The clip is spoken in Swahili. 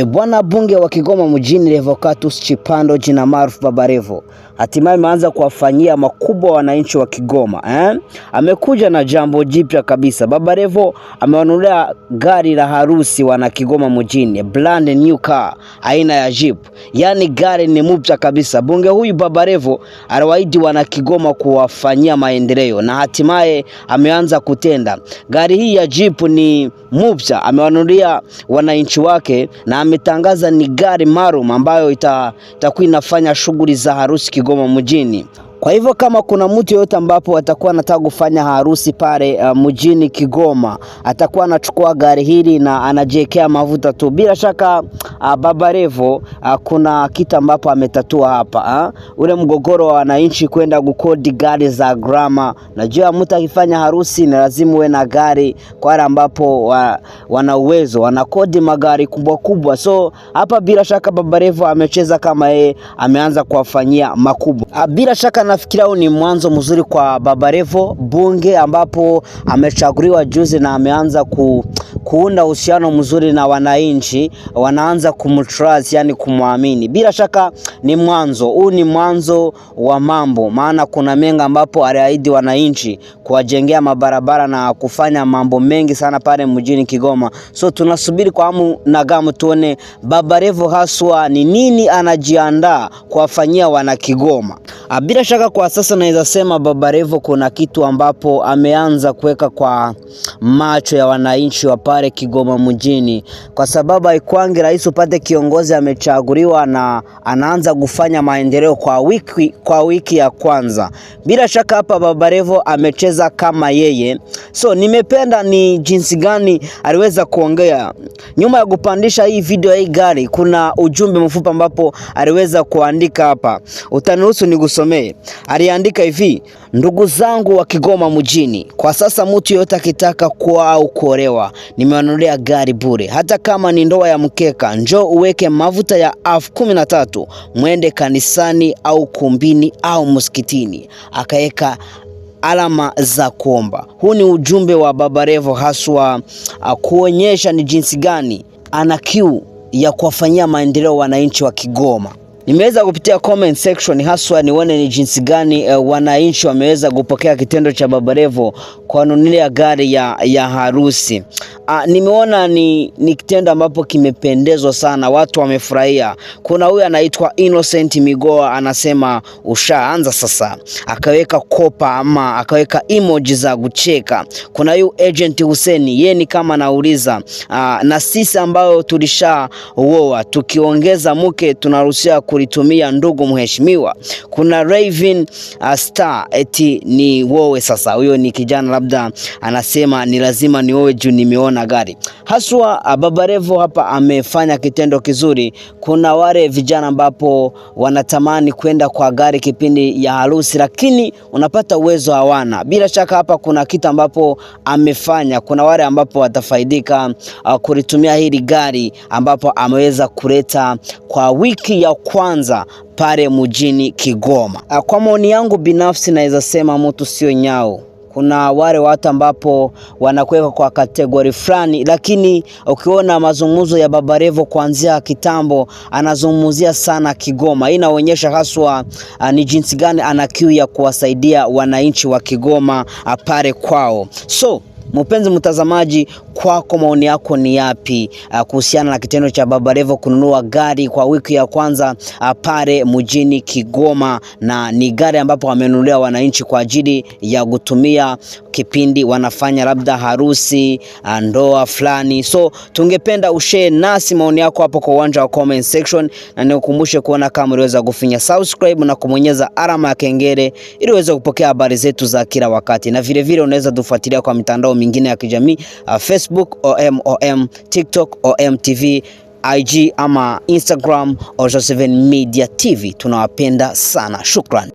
E, bwana bunge wa Kigoma mjini Revocatus Chipando jina maarufu Baba Revo hatimaye ameanza kuwafanyia makubwa wananchi wa Kigoma eh? Amekuja na jambo jipya kabisa. Baba Revo amewanunulia gari la harusi wana Kigoma mjini, brand new car aina ya Jeep, yaani gari ni mpya kabisa. Bunge huyu Baba Revo aliwaahidi wana Kigoma kuwafanyia maendeleo na hatimaye ameanza kutenda. Gari hii ya Jeep ni Mupya amewanunulia wananchi wake na ametangaza ni gari maalum ambayo itakuwa inafanya shughuli za harusi Kigoma mjini. Kwa hivyo kama kuna mtu yeyote ambapo atakuwa anataka kufanya harusi pale uh, mjini Kigoma, atakuwa anachukua gari hili na anajiwekea mafuta tu. Bila shaka uh, Baba Levo uh, kuna kitu ambapo ametatua hapa uh, ule mgogoro wa wananchi kwenda kukodi gari za grama. Najua mtu akifanya harusi ni lazima uwe na gari, kwa wale ambapo wa, uh, wana uwezo wanakodi magari kubwa kubwa. So hapa bila shaka Baba Levo amecheza kama yeye ameanza kuwafanyia makubwa uh, bila shaka nafikira huu ni mwanzo mzuri kwa Baba Levo Bunge ambapo amechaguliwa juzi na ameanza ku kuunda uhusiano mzuri na wananchi, wanaanza kumtrust, yani kumwamini. Bila shaka ni mwanzo huu, ni mwanzo wa mambo, maana kuna mengi ambapo aliahidi wananchi kuwajengea mabarabara na kufanya mambo mengi sana pale mjini Kigoma. So tunasubiri kwa hamu na gamu tuone Baba Levo haswa ni nini anajiandaa kuwafanyia wana Kigoma. Ah, bila shaka kwa sasa naweza sema Baba Levo kuna kitu ambapo ameanza kuweka kwa macho ya wananchi wa pale pale Kigoma mjini, kwa sababu haikwangi rais upate kiongozi amechaguliwa na anaanza kufanya maendeleo kwa wiki, kwa wiki ya kwanza. Bila shaka hapa Baba Levo amecheza kama yeye, so nimependa ni jinsi gani aliweza kuongea. Nyuma ya kupandisha hii video ya hii gari, kuna ujumbe mfupi ambapo aliweza kuandika hapa, utaniruhusu nikusomee. Aliandika hivi: Ndugu zangu wa Kigoma mjini, kwa sasa mtu yoyote akitaka kuoa au kuolewa, nimewanunulia gari bure. Hata kama ni ndoa ya mkeka, njoo uweke mafuta ya elfu kumi na tatu mwende kanisani au kumbini au msikitini, akaweka alama za kuomba. Huu ni ujumbe wa Baba Levo haswa, kuonyesha ni jinsi gani ana kiu ya kuwafanyia maendeleo wananchi wa Kigoma. Nimeweza kupitia comment section haswa nione ni jinsi gani uh, wananchi wameweza kupokea kitendo cha Babalevo kuwanunulia gari ya, ya harusi. Uh, nimeona ni, ni kitendo ambapo kimependezwa sana, watu wamefurahia. Kuna huyu anaitwa Innocent Migoa anasema ushaanza sasa, akaweka kopa ama akaweka emoji za kucheka. Kuna huyu agent Huseni, ye ni kama anauliza uh, na sisi ambayo tulishaoa tukiongeza mke tunaruhusiwa kulitumia ndugu mheshimiwa. Kuna Raven uh, Star eti ni wowe sasa. Huyo ni kijana labda anasema ni lazima ni wowe juu nimeona gari haswa. Uh, Baba Levo hapa amefanya kitendo kizuri. Kuna wale vijana ambapo wanatamani kwenda kwa gari kipindi ya harusi, lakini unapata uwezo hawana. Bila shaka hapa kuna kitu ambapo amefanya. Kuna wale ambapo watafaidika uh, kulitumia hili gari ambapo ameweza kuleta kwa wiki ya kwa kwanza pale mjini Kigoma. Ah, kwa maoni yangu binafsi, naweza sema mtu sio nyao Kuna wale watu ambapo wanakuweka kwa kategori fulani, lakini ukiona mazungumzo ya Baba Levo kuanzia kitambo, anazungumzia sana Kigoma. Hii inaonyesha haswa ah, ni jinsi gani ana kiu ya kuwasaidia wananchi wa Kigoma ah, pale kwao. So mpenzi mtazamaji, kwako maoni yako ni yapi ah, kuhusiana na kitendo cha Baba Levo kununua gari kwa wiki ya kwanza ah, pale mjini Kigoma, na ni gari ambapo wamenunulia wananchi kwa ajili ya kutumia kipindi wanafanya labda harusi, ah, ndoa fulani. So tungependa ushare nasi maoni yako hapo kwa uwanja wa comment section, na nikukumbushe kuona kama uliweza kufinya subscribe na kumonyeza alama ya kengele ili uweze kupokea habari zetu za kila wakati, na vilevile unaweza tufuatilia kwa mitandao mingine ya kijamii Facebook Facebook OM OM, TikTok OM TV, IG ama Instagram Oliviston7 Media TV. Tunawapenda sana, shukran.